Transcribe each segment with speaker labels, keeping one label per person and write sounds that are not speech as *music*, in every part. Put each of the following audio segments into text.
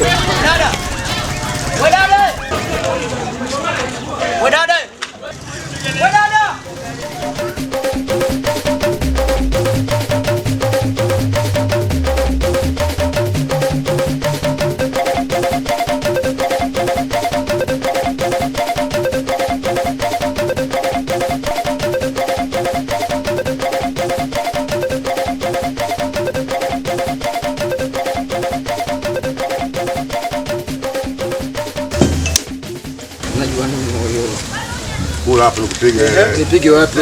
Speaker 1: Lord.
Speaker 2: nipige wapi?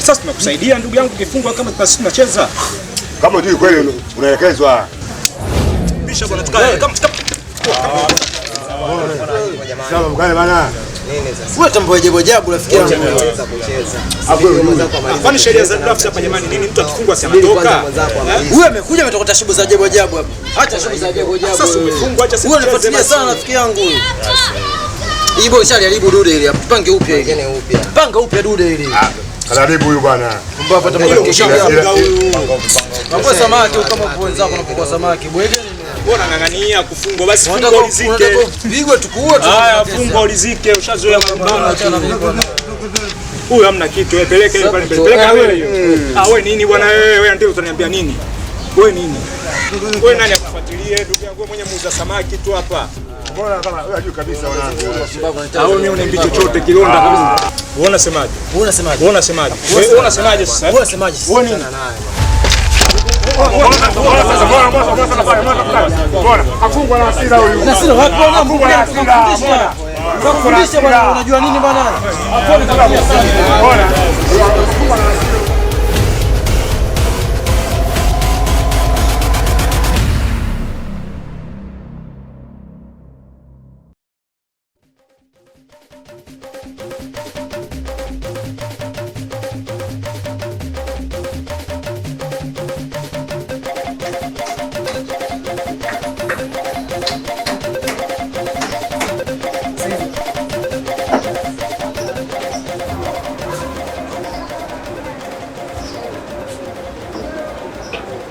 Speaker 3: Sasa tunakusaidia ndugu yangu, kifungwa kama tunasisi tunacheza.
Speaker 4: Kama hujui kweli unaelekezwa.
Speaker 3: Bisha bwana tukae. Kama
Speaker 2: Sawa mkae bana.
Speaker 1: Wewe tambo jebo jabu rafiki yangu.
Speaker 3: Afani sheria za draft hapa jamani, nini mtu akifungwa si anatoka. Eh? Wewe amekuja ametokota shibu za jebo jabu hapa. Acha shibu za jebo jabu. Sasa umefungwa acha
Speaker 1: sisi. Wewe unafuatilia sana rafiki yangu. Ibo shari alibu dude ile. Tupange upya ile. Ngine upya. Panga upya dude ile.
Speaker 4: Ah, Karibu huyu bwana.
Speaker 1: Mbona hata mtakisha. Mbona samaki kama wenzako unapokuwa samaki.
Speaker 3: Bwege Mbona ng'ang'ania kufungwa basi fungwa ulizike.
Speaker 1: Pigwe tukuue
Speaker 3: tu. Haya fungwa ulizike ushazoea mambo. Huyu hamna kitu, wewe eh, peleka ile pale peleka wewe hiyo. Hmm. Ah wewe nini bwana wewe wewe ndio utaniambia nini? Wewe nini? Wewe nani akufuatilie ndugu yangu mwenye muuza samaki tu hapa.
Speaker 4: Mbona kama wewe unajua kabisa wala.
Speaker 3: Au mimi unaniambia chochote kilonda ah. kabisa.
Speaker 1: Wewe unasemaje? Wewe unasemaje? Wewe unasemaje? Wewe unasemaje sasa? Wewe nini? Unajua nini bwana?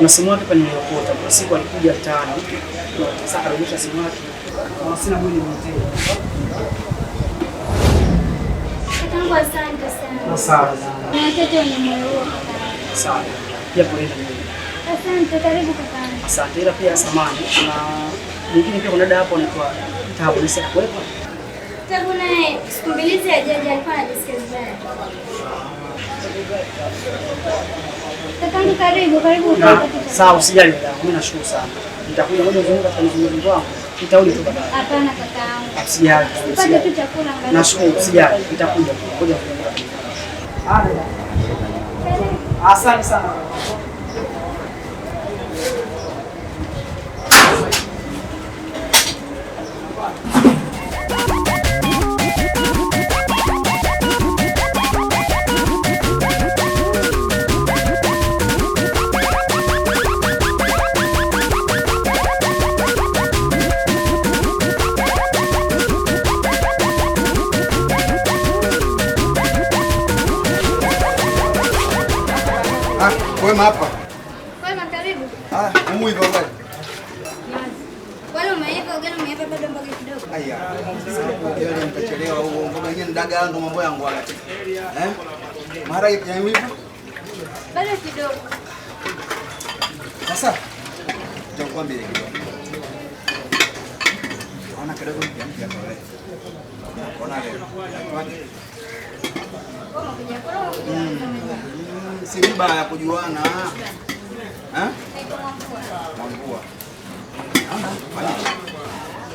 Speaker 1: na simu yake pale niliokota. Kwa siku alikuja tano, sasa karudisha simu yake. Sina mwili mteja. Asante sana. Asante
Speaker 5: sana. Mtoto nimeua
Speaker 1: kaka. Asante. Pia pole na
Speaker 5: Asante, karibu kaka. Asante, ila
Speaker 1: pia samani na mwingine pia kuna dada hapo anaitwa Tabu, nisi akwepo.
Speaker 5: Tabu naye siku mbili zile ajaji alikuwa anajisikia vibaya.
Speaker 1: Sawa, usijali dada, mimi nashukuru sana. Nitakuja moja zunguka kwa mzunguko wangu. Nitauli tu baba.
Speaker 5: Hapana kakaangu.
Speaker 1: Usijali. Tupate
Speaker 5: tu chakula angalau.
Speaker 1: Nashukuru, usijali. Nitakuja. Ngoja. Asante sana. Si mibaya ya kujuana Mwambua.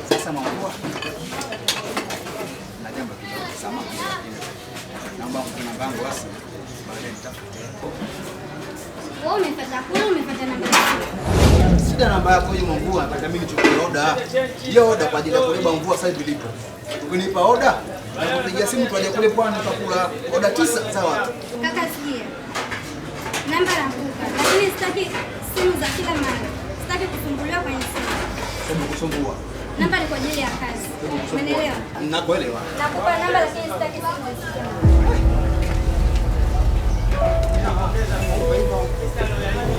Speaker 1: Sasa Mwambua, na jambo kidogo, samahani, naomba kuna mpango hasa baadaye nitafute.
Speaker 5: Wewe umepata kule, umepata namba
Speaker 1: Piga namba yako hiyo mvua, nataka mimi nichukue oda. Hiyo oda kwa ajili ya kuleba mvua sasa hivi lipo. Ukinipa oda, na kupigia simu tuaje kule pwani tutakula oda tisa sawa.
Speaker 5: Kaka sikia. Namba ya mvua. Lakini sitaki simu za kila mara. Sitaki kusumbuliwa kwenye simu.
Speaker 1: Sema kusumbua.
Speaker 5: Namba ni kwa ajili ya kazi.
Speaker 1: Umeelewa? Nakuelewa.
Speaker 5: Nakupa namba lakini sitaki simu za kila
Speaker 1: mara.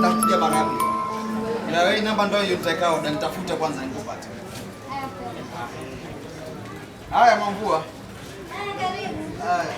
Speaker 1: nitakuja mara mbili. Na wewe namba ndio hiyo nitakao na nitafute kwanza nikupate. Haya mamvua.
Speaker 5: Haya karibu. Haya.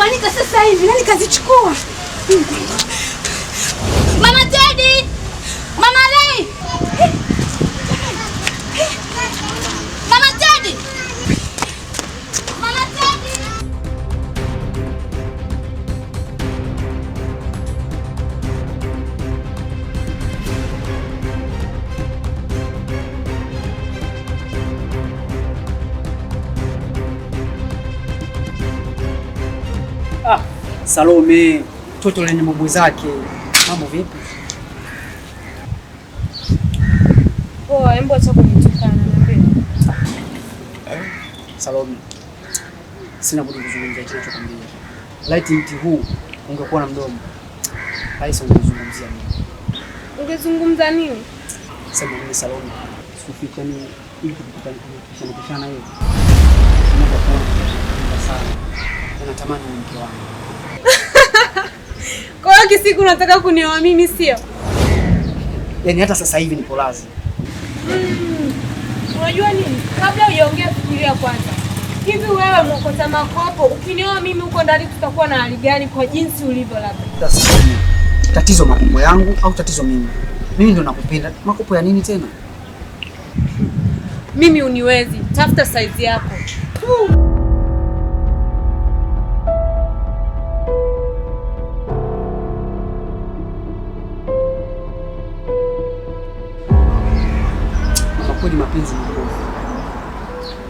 Speaker 6: Zinafanyika sasa hivi, nani kazichukua?
Speaker 1: Salome, toto lenye mambo zake. Mambo vipi?
Speaker 7: Poa, embo acha kunitukana niambie.
Speaker 1: Salome, sina budi kuzungumzia kumbia. Laiti mti huu ungekuwa na mdomo, basi ungezungumzia nini?
Speaker 7: Ungezungumza nini?
Speaker 1: Sema mimi Salome, sikufikani ili kukutana kwa kishana hiyo. mshikamano na mke wangu.
Speaker 7: *laughs* Kwa hiyo kisiku unataka kunioa mimi, sio?
Speaker 1: Yaani hata sasa hivi niko lazi.
Speaker 7: Mm. Unajua nini? Kabla hujaongea fikiria kwanza. Hivi wewe mkota makopo, ukinioa mimi huko ndani tutakuwa na hali gani kwa jinsi ulivyo
Speaker 1: labda? Tatizo makopo yangu au tatizo mimi? Mimi ndo nakupenda. Makopo ya nini tena?
Speaker 7: Mimi uniwezi. Tafuta size yako.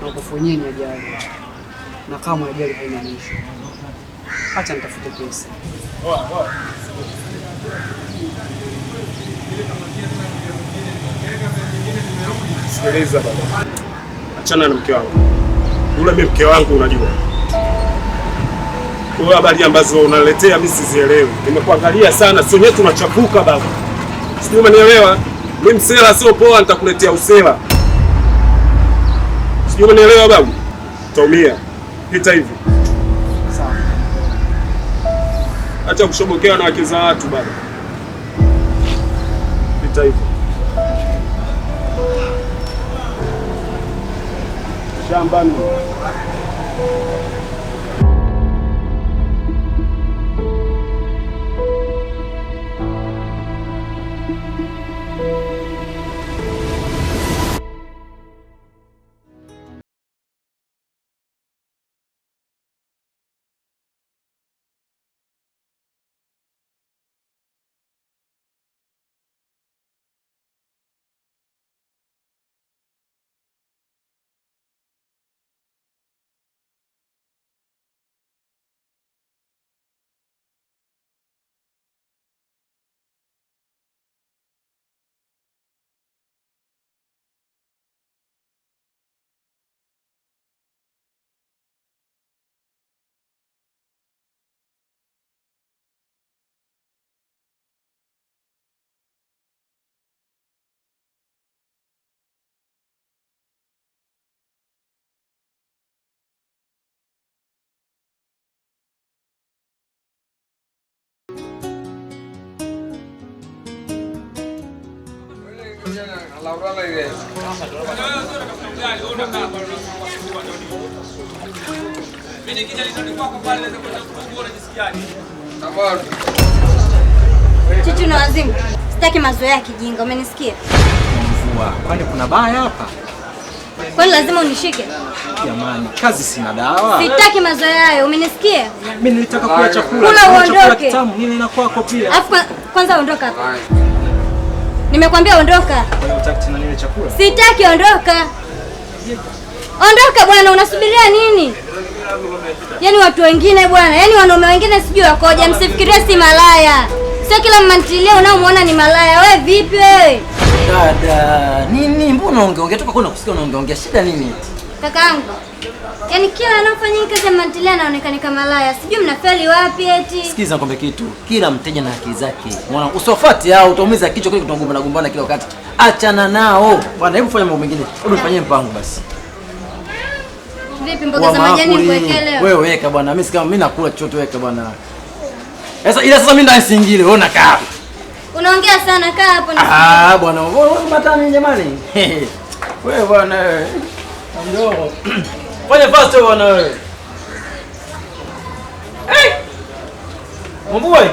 Speaker 1: na kufonyeni ajali, na kama ajali haina mwisho. Acha nitafute pesa.
Speaker 8: Sikiliza baba, achana na mke wangu ule. mi mke wangu, unajua wewe, habari ambazo unaletea mimi sizielewi. Nimekuangalia sana, sio nyewe tunachapuka baba, sijui umenielewa. Mimi msela sio poa, nitakuletea usela Sio unielewa babu. Utaumia. Pita hivi. Sawa. Acha kushobokea na wake za watu babu. Pita hivi. Shambani.
Speaker 9: Chichi na wazimu, sitaki mazoea ya kijinga, umenisikia?
Speaker 10: Mvua, kwani kuna baya hapa?
Speaker 9: Kwani lazima unishike?
Speaker 10: Jamani, kazi sina dawa. Sitaki
Speaker 9: mazoea hayo, umenisikia? Mimi nilitaka
Speaker 10: kula chakula. Kula
Speaker 9: uondoke. Kitamu, nini
Speaker 10: na kwako pia. Afu
Speaker 9: kwanza ondoka hapa. Nimekwambia ondoka. Sitaki, ondoka, ondoka bwana. Unasubiria nini? Yaani watu wengine bwana, yaani wanaume wengine sijui wakoja. Msifikirie si malaya, sio kila mmantilia unaomwona ni malaya. We vipi wewe?
Speaker 10: Dada nini, mbona unaongeongea? Toka kuna kusikia unaongeongea, shida nini? Kakaangu,
Speaker 9: yaani kila anayofanya kazi ya mantilia anaonekana kama laya, sijui mnafeli wapi
Speaker 10: eti. Sikiza nikwambie kitu, kila mteja na haki zake. Mwana usofati hao, utaumiza kichwa kile, na gumbana kila wakati. Achana nao bwana, hebu fanya mambo mengine, hebu fanyie mpango basi.
Speaker 9: Vipi, mboga za majani nikuwekee
Speaker 10: Wewe weka bwana, mimi sikama mimi nakula chochote, weka bwana. Sasa ila sasa mimi ndio nisingile, wewe unakaa hapo.
Speaker 9: Unaongea sana, kaa
Speaker 10: hapo. Ah bwana, wewe matani jamani. Wewe bwana wewe. Ndoro. Fanya fast wewe bwana wewe. Eh! Mboi.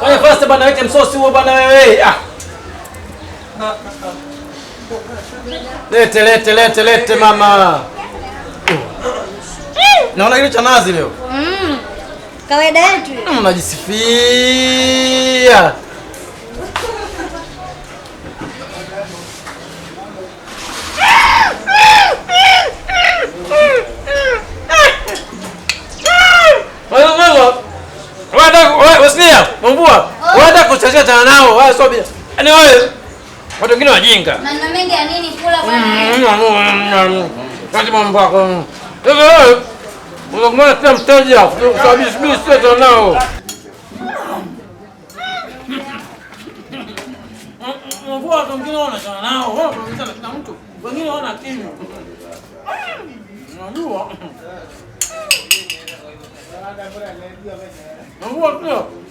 Speaker 10: Fanya fast bwana weke msosi huo bwana wewe. Ah. Lete lete lete lete mama. Naona kile cha nazi leo.
Speaker 9: Mm. Kawaida yetu.
Speaker 10: Unajisifia. Mmh, Mumbua, oh. waenda kuchachana nao, wala sio bila. Yaani wewe watu wengine wajinga. Maneno mengi ya nini
Speaker 9: kula bwana?
Speaker 10: Kazi mambo yako. Hivi wewe unakumana pia mteja kusababisha sisi sio nao. Mumbua watu wengine wanachana nao, wao wanachana na mtu. Wengine wana kimya. Unajua? Mumbua tu.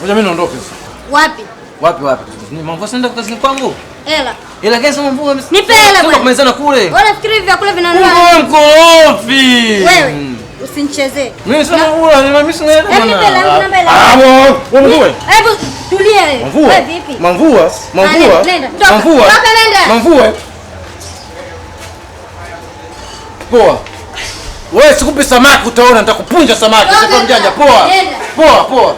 Speaker 9: Ngoja mimi naondoke Wapi? Wapi wapi? Ni mambo sasa ndio kazini kwangu. Hela. Hela kesi mambo. Nipe hela bwana. Kumezana kule. Wewe nafikiri vya kule vinanua. Wewe wapi? Wewe. Hmm. Usinichezee. Mimi sasa huwa ni mimi sina hela bwana. Nipe hela namba hela. Ah, wewe ah, mvua. Hebu tulia wewe. Wewe vipi? Mvua. Ah, mvua. Mvua. Mamvua poa. Wewe sikupi samaki utaona nitakupunja samaki. Sasa mjanja poa. Poa poa.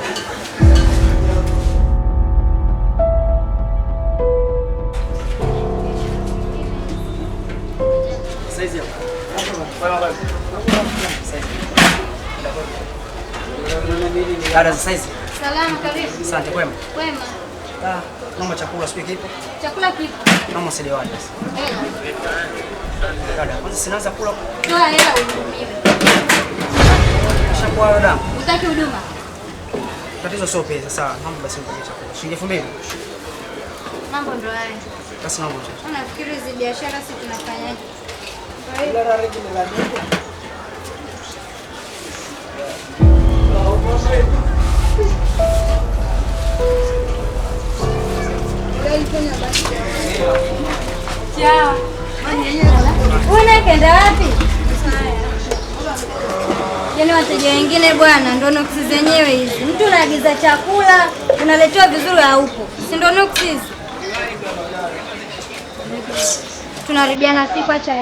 Speaker 9: Salamu, karibu. Asante, kwema. Kwema. Ah, chakula sio kipo. Chakula kipo. Noma sile waje. Hela. Dada, kwanza sinaanza kula. Toa hela uhudumie. Shakwa dada. Utaki huduma? Tatizo sio pesa, sawa. Mambo basi ni chakula. Shilingi 2000. Mambo ndo haya. Basi mambo. Unafikiri hizi biashara si tunafanyaje? Kwa hiyo dada rejea bila dada. Thank Una wapi? Yaani wateja wengine bwana, ndo nuksi zenyewe hizi. Mtu unaagiza chakula unaletewa vizuri, haupo, si ndo nuksi hizi? Tunaribiana siku, acha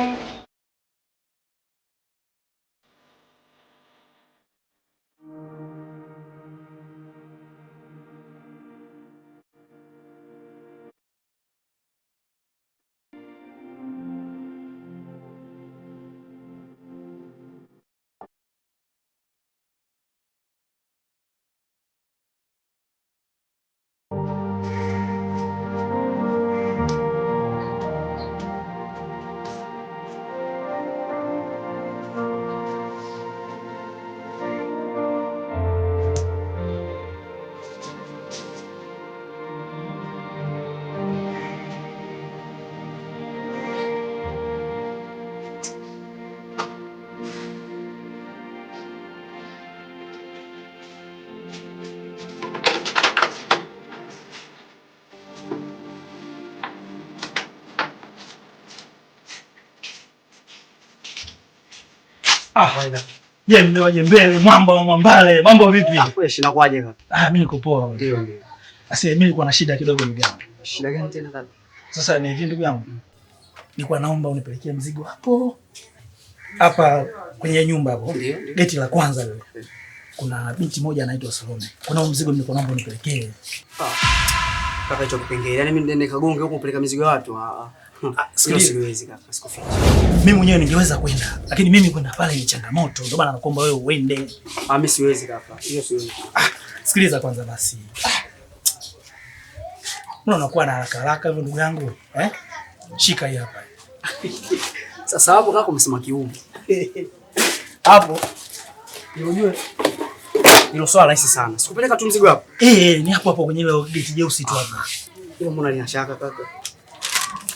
Speaker 9: kawaida. Je, mnewajembele mwamba wa mwambale mambo vipi? Ah, kweli inakuaje kaka? Ah, mimi niko poa. Ndio Sasa mimi nilikuwa na shida kidogo ndugu yangu. Shida gani tena kaka? Sasa ni hivi ndugu yangu. Nilikuwa naomba unipelekee mzigo hapo. Hapa kwenye nyumba hapo. Geti la kwanza lile. Kuna binti moja anaitwa Salome. Kuna mzigo nilikuwa naomba unipelekee. Ah. Kaka hicho kipengele. Yaani mimi ndio nikagonge huko kupeleka mizigo ya watu. Ah. ah. Hmm. Ah, mimi mwenyewe ningeweza kwenda, lakini mimi kwenda pale ni changamoto, ndio maana nakuomba wewe uende. Ah, Mimi siwezi kafa. hiyo siwezi. Ah, Sikiliza kwanza basi. Ah. Mbona unakuwa na haraka haraka hivyo ndugu yangu? Eh? Shika hii hapa. *laughs* Sasa hapo kaka umesema kiume. *laughs* Hapo. Unajua hilo swala rahisi sana. Sikupeleka tu mzigo hapo. Eh, eh ni hapo hapo kwenye ile geti jeusi tu hapo. Ah. Mbona ni shaka kaka?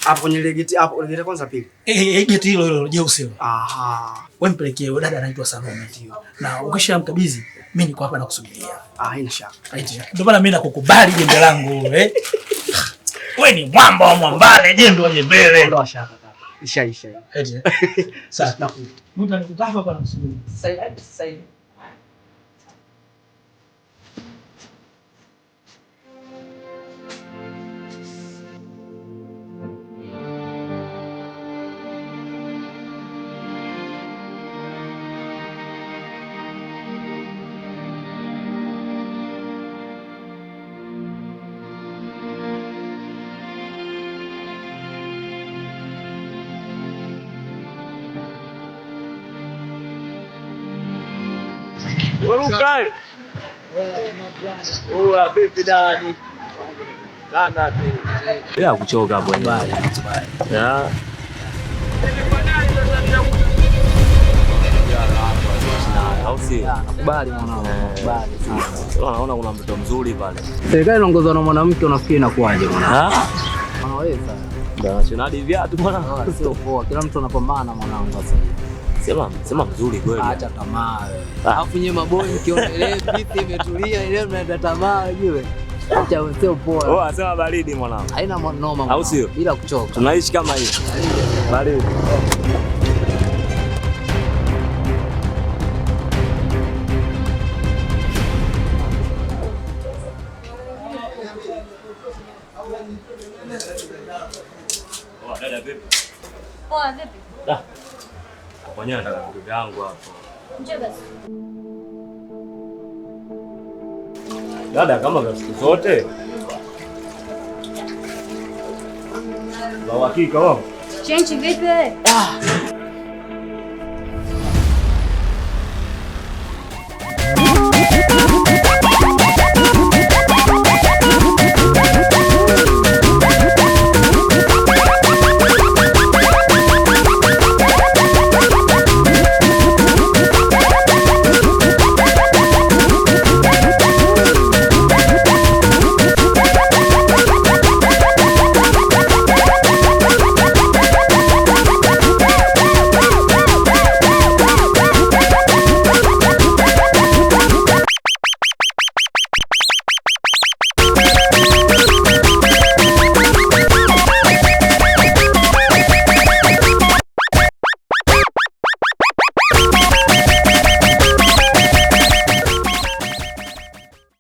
Speaker 9: Hapo kwenye ile geti hapo, ile kwanza pili. Eh, hey, eh, eh, hey, geti hilo hilo jeusi hilo. Aha. Wewe mpelekee wewe, dada anaitwa Salome ndio. Na ukisha ukishamkabidhi mimi niko hapa nakusubiria. Ah, haina shaka. Haina shaka. Ndio maana mimi nakukubali jembe langu eh. Wewe ni mwamba wa mwambale, jembe wa jembele. Ndio shaka kaka. Isha isha. Eti. Sasa nakutafa kwa nakusubiria. Sasa sasa Uruka. Uwa vipi dani? Sana bila kuchoka bwana. Ya. Naona kuna mtoto mzuri pale. Serikali eh, inaongozwa na mwanamke, unafikiri inakuwaje Anaweza. viatu mwana. Ah, Kila mtu anapambana mwanangu sasa. Sema sema mzuri kweli. Acha tamaa wewe. Ah. Alafu nyewe maboni ukiona ile pipi imetulia ile mnaenda tamaa wewe. Acha usio poa. Oh, asema baridi mwanangu. Haina noma. Au sio? Bila kuchoka. Tunaishi kama hivi. Baridi. mwenyewe na vitu vyangu hapo. Dada, kama za siku zote za uhakika Change vipi? Ah.